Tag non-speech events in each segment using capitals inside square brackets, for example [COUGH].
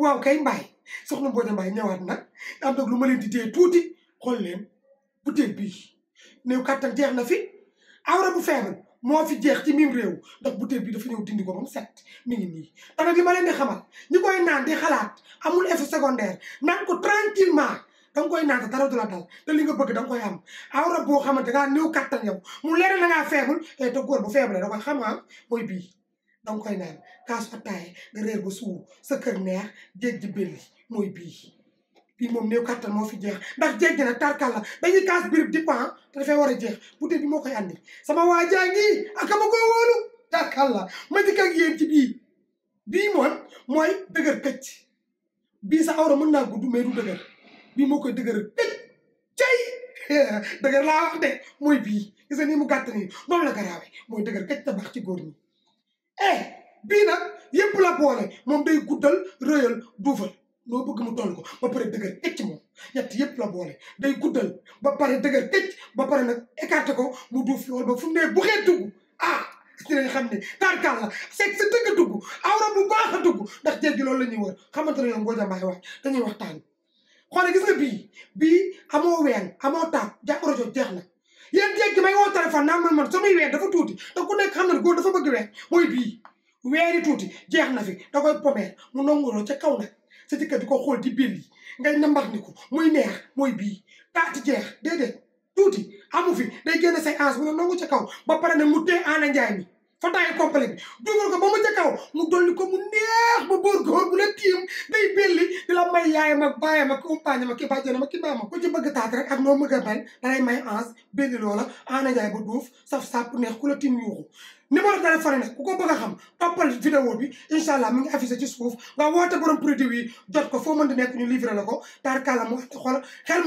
waaw kay mbaay soxna Mbodia Mbaye ñëwaat nag am nag lu ma leen di téye tuuti xool leen butéel bii néew kàttan jeex na fi awra bu feebar moo fi jeex ci mim réew ndax butéel bi dafa ñëw dindi ko set mi ngi nii tamit li ma leen di xamal ñi koy naan di xalaat amul effet secondaire naan ko tranquillement danga koy naan te dara du la dal te li nga bëgg danga koy am awra boo xamante ngaa néew kattan yow mu leer na ngaa feebul eh, te góor bu feebalee da koy xam nga danga koy naan kaasu ataaya nga reer ba suur sa kër neex jéggi belli mooy bii bii moom ne kattan moo fi jeex ndax jéggi na tarkal la dañuy kaas birib di pan te dafay war a jeex bu dee bi moo koy andi sama waajaa ngi ma koo ci bii bii moom mooy dëgër këcc bii sa awra mën naa gudd mais du dëgër bii moo koy dëgër këcc cay [LAUGHS] dëgër laa wax de mooy bii gis nii mu gàtt nii noonu la garaawe mooy dëgër këcc tabax ci góor ñi eh bii nag yëpp la boole moom day guddal rëyal duufal loo bëgg mu toll ko ba pare dëgër këcc moom ñett yëpp la boole day guddal ba pare dëgër këcc ba pare nag écarté ko mu duuf loolu ba fu mu bu xee dugg ah dinañ xam ne tarkaal la seeg sa dëgg a dugg awra bu baax a dugg ndax jéggi loolu la ñuy wër xamante ne yoon a jàmbaay wax dañuy waxtaan xoole gis nga bii bii amoo ween amoo taat jàpp rajo jeex la yéen jéeg gi may woo téléphone naan man man samay weer dafa tuuti te ku nekk xam na ne góor dafa bëgg weer mooy bii weeri tuuti jeex na fi da koy pomeer mu nongoloo ca kaw nag sa jëkkër di ko xool di bill yi ngay nambax ni ko muy neex mooy bii taati jeex déedéet tuuti amu fi day génn say ans bu ne nangu ca kaw ba pare nag mu tee aana njaay mi ko complet bi dugal ko ba mu ca kaw mu dolli ko mu neex ba boor góor bu la tiim day belli di la may yaayam ak baayam ak compagne ma ki bàjjanam ak ki maama ku ci bëgg taat rek ak noo mëgg a mel dalay may ans benn loola ana njaay ba duuf saf sàpp neex ku la tiim yuuxu ni téléphone nag ku ko bëgg a xam toppal vidéo bi incha allah mi ngi affiché ci suuf nga woote borom produit yi jot ko foo mën di nekk ñu livré la ko tarkala mu xool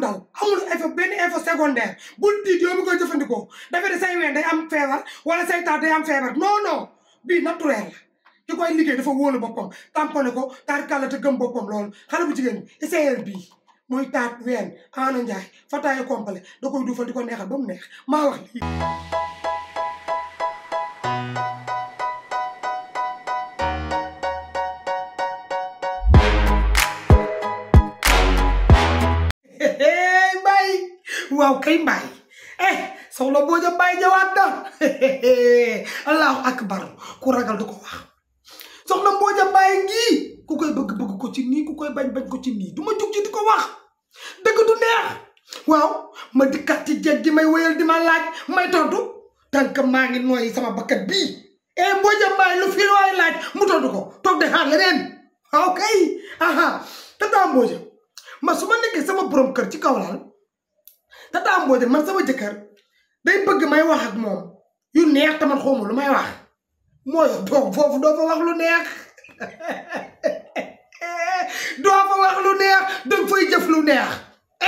dal amul effet benn effet secondaire bul tiit yow mi koy jëfandikoo dafa de say ween am feebar wala say taat day am feebar non bii naturel ki koy liggéey dafa wóolu boppam tamponné ko tarkala te gëm boppam loolu xale bu jigéen bi essayel bii muy taat ween ana njaay fataaya complet da ko neexal ba waaw kay mbaay eh soxna Mbodia Mbaye ñëwaat na [LAUGHS] allahu akbar ku ragal du ko wax ah. soxna Mbodia Mbaye ngii ku koy bëgg bëgg ko ci nii ku koy bañ bañ ko ci nii du ma jug ci ko wax ah. dëgg du neex eh. waaw ma dikkaat ci jeeg ji may wéyal di ma laaj may tontu tànk maa ngi nooyi sama bakkat bii eh Mbodia Mbaye lu fi laaj mu tontu ko toog de eh, xaar leneen waaw ah, kay aha tata Mbodia ma su ma nekkee sama borom kër ci kaw laal Tata Mbodj man sama jëkkër day bëgg may wax moom yu neex tamat xawma lu may wax mooy doo foofu doo fa wax lu neex [LAUGHS] doo fa wax lu neex danga fay jëf lu neex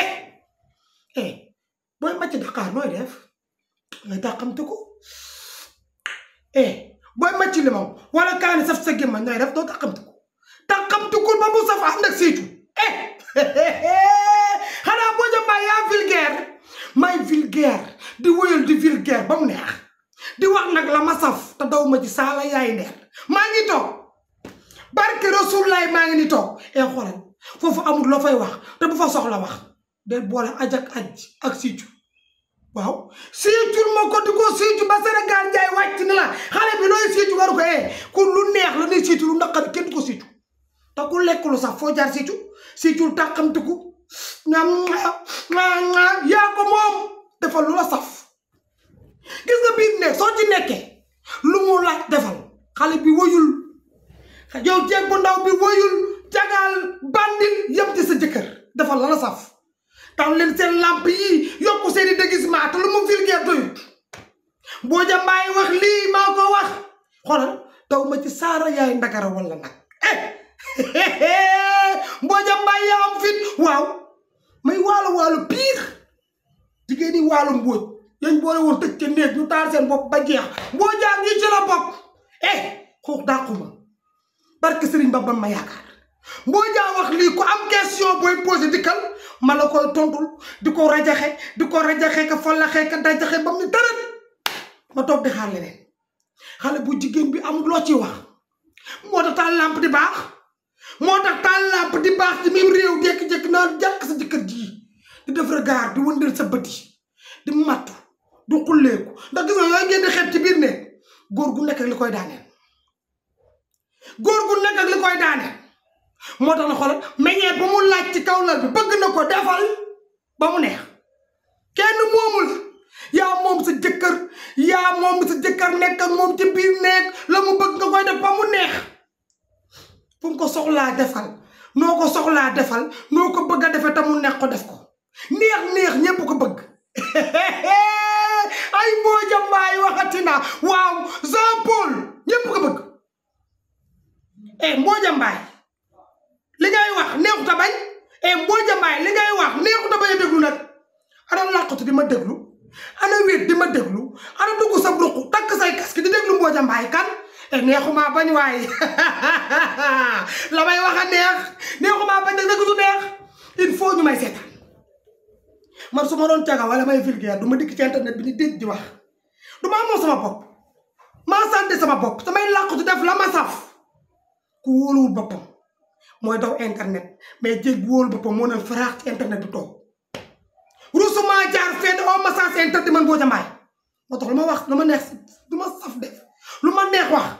eh eh booy màcc Dakar nooy def nga dàqamte ko eh booy màcc limam wala kaani saf sa gémmañ nooy def doo dàqamte ko dàqamte ko ba mu saf ànd ak siitu eh [LAUGHS] xanaa boo ja mbaa yaa vulgaire may vulgaire di wóyal di vulgaire ba neex di wax nag la ma saf te daw ma ci saala yaay ndeer maa ngi toog barke Rasulaay maa ngi ni toog e xoolal foofu amul loo fay wax te bu fa soxla wax de boole aj ak aj ak siicu waaw siicu ma di ko siicu ba Sénégal jaay wàcc ni la xale bi looy siicu waru ee eh, ku lu neex la nuy siicu lu naqari kenn ko siicu te ku lekk lu sax foo jaar siicu siicu tàqamtiku yaa ko moom defal lu saf gis nga biir nekk soo ci nekkee lu mu laaj defal xale bi woyul yow jeeg bu ndaw bi woyul jagaal bandil yem ci sa jëkkër defal la la saf tax leen seen làmp yi yokku seeni déguisement te lu mu vulgaire doyut boo jambaay wax lii maa ko wax xoolal daw ma ci saara yaay ndagara walla nag eh, [LAUGHS] eh, eh, Mbodia Mbaye yaa am fit waaw may waalo waalo pire jigéen ñi waalo Mbodj yañ boole woon tëj ca néeg ñu taal seen bopp ba jeex Mbodia ngi ci la bopp eh xoox dàquma barke Serigne Bamba ma yaakaar Mbodia wax lii ku am question booy posé dikkal ma la koy tontul di ko rajaxe di ko rajaxe ka fallaxe ka dajaxe ba mu ni ma toog di xaar ne xale bu jigéen bi amul loo ci wax moo tax taal lamp di baax moo tax taal làmp di baax ci même réew jékki-jékki naan jàkk sa jëkkër ji di def regard di wëndeel sa bët yi di mattu du xulleeku ndax gis nga yooyu ngeen di xeeb ci biir ne góor gu nekk ak li koy daaneel moo tax na xoolal meññeet ba mu laaj ci kaw la bi bëgg na ko defal ba mu neex kenn moomul yaa moom sa jëkkër yaa moom sa jëkkër nekk moom ci biir nekk bëgg nga koy def ba mu neex pour nga ko soxlaa defal noo ko soxlaa defal noo ko bëgg a defe te mu neex ko def ko neex neex ñépp ko bëgg [LAUGHS] ay Mbodia Mbaye waxati naa li ngay wax neexut a bañ eh Mbodia Mbaye li ngay wax neexut a eh, bañ a déglu nag ana làqatu di ma déglu ana wéet di ma déglu ana dugg sa bruq takk say casque di déglu Mbodia Mbaye kan neexuma bañ waaye la may wax a neex neexuma bañ nag dëgg du neex il faut ñu may seetaan man su ma doon caga wala may vulgaire du ma dikk ci internet bi ni déj di wax du ma amoon sama bopp maa sante sama bopp samay làqutu def la ma saf ku wóoluwul boppam mooy daw internet mais jéeg bu wóolu boppam moo neen faraax ci internet bi toog rusuma jaar fenn au message interdit man boo jamaay moo tax lu ma wax lu ma neex du ma saf def lu ma neex wax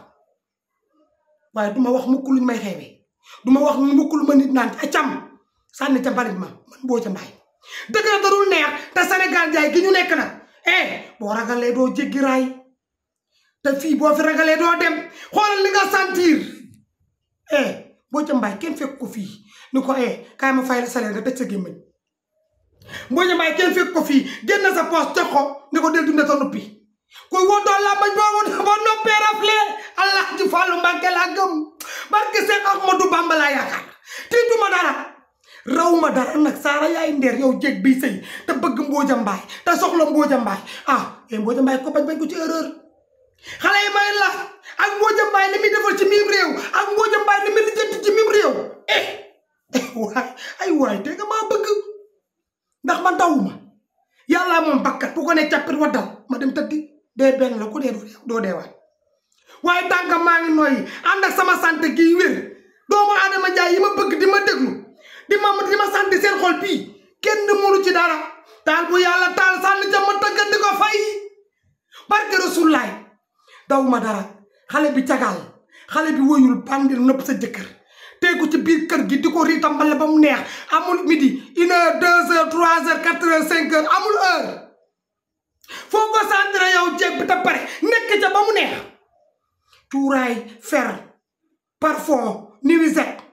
waaye du ma wax mukk luñ may xeebee du ma wax mukk lu ma nit naan ca cam sànni ca mbalit ma man boo ca mbaay dëgg la darul neex te Sénégal jaay gi ñu nekk na eh boo ragalee doo jéggi raay te fii boo fi ragalee doo dem xoolal li nga sentir eh boo ca mbaay kenn fekk ko fii ni ko eh kaay ma fay da salaire nga sa gémmañ boo ca mbaay kenn fekk ko fii génn sa poos jox ko ni ko del dundee sa noppi kuy wutoo làmbañ boo wutoo ba noppee raflee allah ci fàllu mbàkke laa gëm barke Seex Ahmadu Bamba laa yaakaar tiituma dara raw ma dara nag saara yaay ndeer yow jéeg bi sëy bëgg mbooja mbaay te soxla mbooja mbaay ah yooyu eh, mbooja mbaay ko bañ bañ ko ci erreur xale yi ci miim réew ak mbooja mbaay li muy lijjanti ci miim réew eh, eh waay ay waay te maa bëgg ndax man dawuma yàllaa moom bakkat bu ko ne càppit waddal ma dem tëddi dee benn la dee doo deewaat waaye tànk maa ngi nooyi ànd ak sama sant gii wér doomu aadama njaay yi ma bëgg di ma déglu di ma di ma sant seen xol bii kenn mënu ci dara taal bu yàlla taal sànni ca ma tëggat di ko fay barke rasulaay daw ma dara xale bi cagal xale bi woyul bandil nëpp sa jëkkër teeku ci biir kër gi di ko riitambale ba mu neex amul midi une heure deux heures trois heures quatre heures cinq heures amul heure foo ko sàndira yow jéeg bi te pare nekk ca ba mu neex cuuraay fer parfum nuisette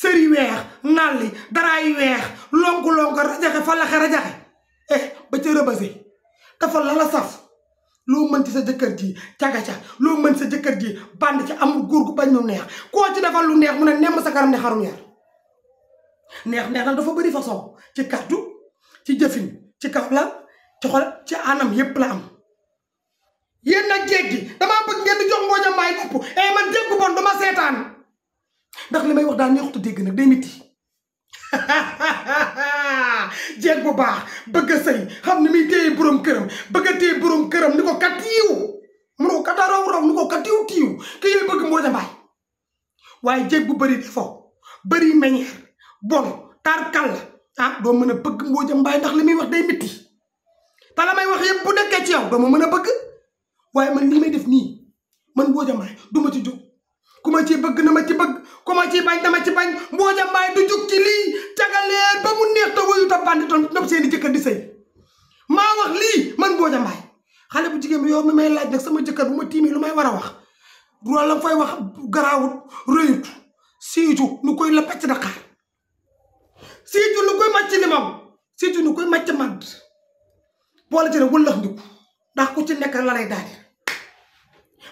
sëri weex nalli daraay weex lonk-lonk rajaxe falaxe rajaxe eh ba ca rëbase dafa lala saf loo mën ci sa jëkkër ji caga loo mën sa jëkkër ji bànd ci am góor gu bañ lu neex koo ci defal lu neex mu ne nemm sa karam ne xaru neex neex neex nag dafa bëri façon ci kàddu ci jëfin ci kaw la ci xol ci anam yépp la am yéen nag jéeg gi damaa bëgg ngeen di jox Mbodj Mbaye eh, bon dama seetaan ndax li may wax daal neexut a dégg nag day miti [LAUGHS] jéeg bu baax bëgg a sëy xam ni muy téye borom këram bëgg a téye borom këram ni ko ka yiw mu ne ko kat raw raw ni ko kat yiw tiiw ki yooyu bëgg Mbodj waaye jéeg bu bëri fo bëri meññeer bon taar kàll ah doo mën a bëgg Mbodj Mbaye ndax li muy wax day miti te la wax yëpp bu dëkkee ci yow dama mën a bëgg waaye man lii may def nii man Mbodia Mbaye du ma ci ku ma ciy bëgg na ma ci bëgg ku ma ciy bañ na ma ci bañ Mbodia du jóg ci lii cagaleen ba mu neex te wuyu ta bandi toon nopp seen i jëkkër di sëy maa wax lii man Mbodia xale bu jigéen bi yow mi may laaj nag sama jëkkër bu ma tiimee lu may war a wax wala la fay wax garaawut rëyut siiju nu koy la pecc da xaar siiju nu koy màcc limam siiju nu koy màcc màdd boole jër ne wëllëx ndiku ndax ku ci nekk la lay daane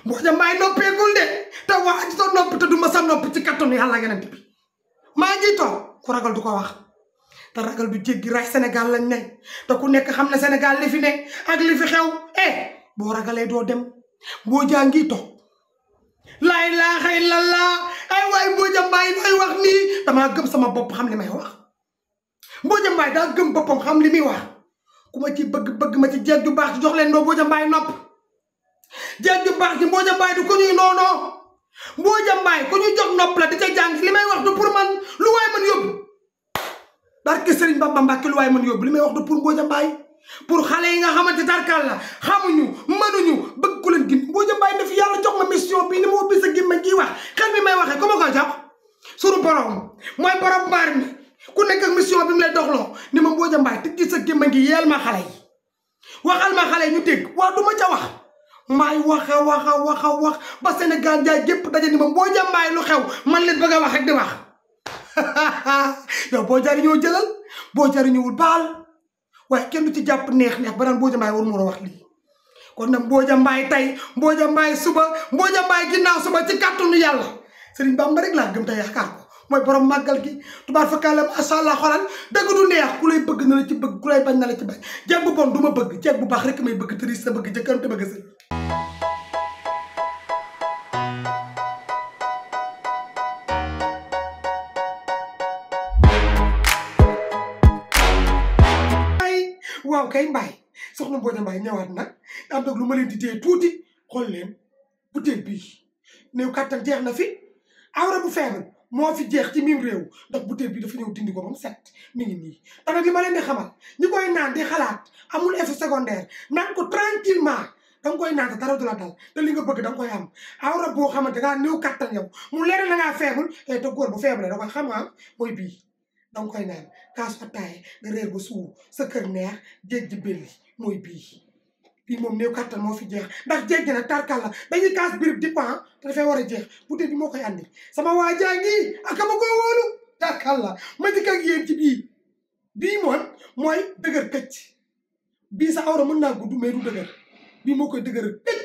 mbox ja maay noppeegul de te wax ci sa nopp te du ma sam nopp ci kattanu yàlla a bi maa ngi toog ku ragal du ko wax te ragal du jéggi raay Sénégal lañ ne te ku nekk xam ne Sénégal li fi ne ak xew eh boo ragalee doo dem boo jaa ngi toog laay laa xëy la laa ay waay Mbodia Mbaye looy wax nii damaa gëm sama bopp xam li may wax Mbodia Mbaye daa gëm boppam xam li muy wax ku ma ci bëgg bëgg ma ci jeeg ju baax ci jox leen doo Mbodia Mbaye nopp jeeg ju baax ci Mbodia Mbaye du ko ñuy noonoo Mbodia Mbaye ku ñu jox nopp la di ca jàng li may wax du pour man lu waay mën yóbbu barke Serigne ba Mbacke lu waay mën yóbbu li may wax du pour Mbodia Mbaye pour xale yi nga xamante tarkal la xamuñu mënuñu bëgg ku leen gin Mbodia Mbaye daf yàlla jox ma mission bi ni ma ubbi sa gimma gi wax xel mi may waxee ko ma koy jàpp sunu borom mooy borom mbaar ku nekk ak mission bi mu lay doxloo ni ma Mbodia Mbaye tëj ci sa gémma ngi yeel ma xale yi ñu dégg waaw ma ca wax maay waxa waxa waxa wax ba Sénégal jaay gépp daje ni ma Mbodia Mbaye lu xew man leen bëgg a wax ak di wax [LAUGHS] yow boo jariñoo jëlal boo jariñoowul baal kenn ci jàpp neex-neex ba naan Mbodia Mbaye war mu kon nag Mbodia Mbaye tey Mbodia Mbaye suba Mbodia Mbaye ginnaaw suba ci kàttanu yàlla Sëriñ Bamba rek laa gëm te yaakaar ko mooy borom màggal gi tubaar fakaalam asàlla xoolal dëgg du neex ku lay bëgg na la ci bëgg ku lay bañ la ci bañ jeeg bu bon du ma bëgg jeeg bu baax rek may bëgg tëri sa bëgg jëkkëram te bëgg sëy waaw kay mbaay soxna Mbodia Mbaye ñëwaat nag am nag lu ma leen di téye tuuti xool leen butéel bii néew kàttan jeex na fi awra bu feebar moo fi jeex ci mim réew ndax butéel bi dafa ñëw dindi ko moom set mi ngi nii te bi li ma leen di xamal ñi koy naan di xalaat amul effet secondaire naan ko tranquillement danga koy naan te dara du la dal te li nga bëgg danga koy am awra boo xamante ngaa néew kattan yow mu leer na ngaa feebul eh, te góor bu feebule da koy xam ah mooy bii danga koy naan kaasu ataaya nga réer ba suur sa kër neex géej ji belli mooy bii bii moom ne kattan moo fi jeex ndax jéggi na tarkal la dañuy kaas birib di pan ah, te dafay war a jeex butéel bi moo koy andi sama waajaa ngi ak ma ko wóolu tarkal la ma dikk ak yéen ci bii bii moom mooy dëgër këcc bii sa awra mën naa gudd mais du dëgër bii moo koy dëgër këcc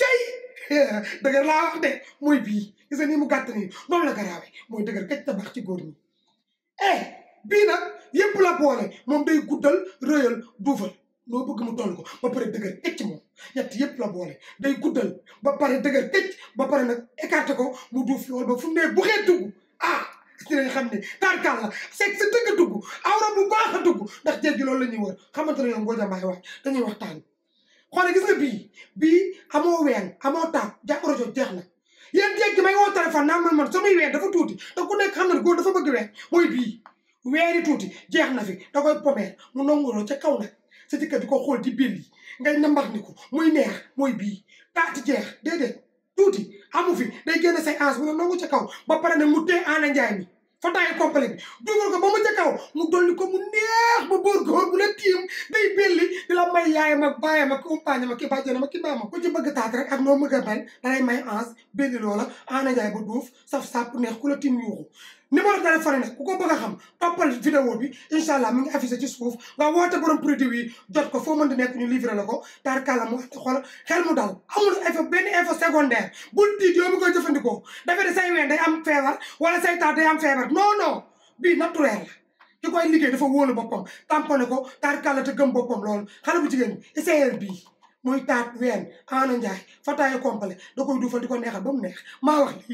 cay [LAUGHS] dëgër laa wax de mooy bii gis nga ni mu gàtt nii noonu la garaawe mooy dëgër këcc te baax ci góor ñi eh bii nag yëpp la moom day guddal rëyal duufal loo bëgg mu toll ko ba pare dëgër këcc moom ñett yëpp la boole day guddal ba pare dëgër këcc ba pare nag écarté ko mu duuf yool ba fu mu ne bu xee dugg ah dinañ xam ne tarkaal la seeg sa dëgg dugg awra bu baax a dugg ndax jéggi la ñuy wër xamante ne yow Ngoja wax dañuy waxtaan xoole gis nga bii bii amoo ween amoo taab jàpporo jot jeex na yéen jéggi may woo téléphone naa man man sama ween dafa tuuti te ku nekk xam na ne góor dafa bëgg ween mooy bii weeri tuuti jeex na fi da koy mu mu nonguloo ca kaw nag sa jëkkër di ko xool di bill yi ngay nambax ni ko muy neex mooy bii taati jeex déedéet tuuti amu fi day génne say ans mu ne nangu ca kaw ba pare ne mu tee aana njaay mi fa taay complet bi dugal ko ba mu ca kaw mu dolli ko mu neex ba boor góor bu la tiim day belli di la may yaayam ak baayam ak compagne ma ki bàjjenam ak ki maama ku ci bëgg taat rek ak noo mëgg a mel dalay may ans belli loola aana njaay ba duuf saf sàpp neex ku la tiim yuuxu numéro téléphone nag ku ko bëgg a xam toppal vidéo bi incha allah mi ngi affiché ci suuf nga woote borom produit yi jot ko foo mën di nekk ñu livré la ko taar kàlla mu ànd mu dal amul effet benn effet secondaire bul tiit yow mi koy jëfandikoo dafay de say ween am feebar wala say taat day am feebar non non naturel ki koy liggéey dafa wóolu boppam tamponné ko taar kàlla te gëm boppam loolu xale bu jigéen bi essayel bii muy taat ween ana njaay fataayu complet ko neexal ba mu neex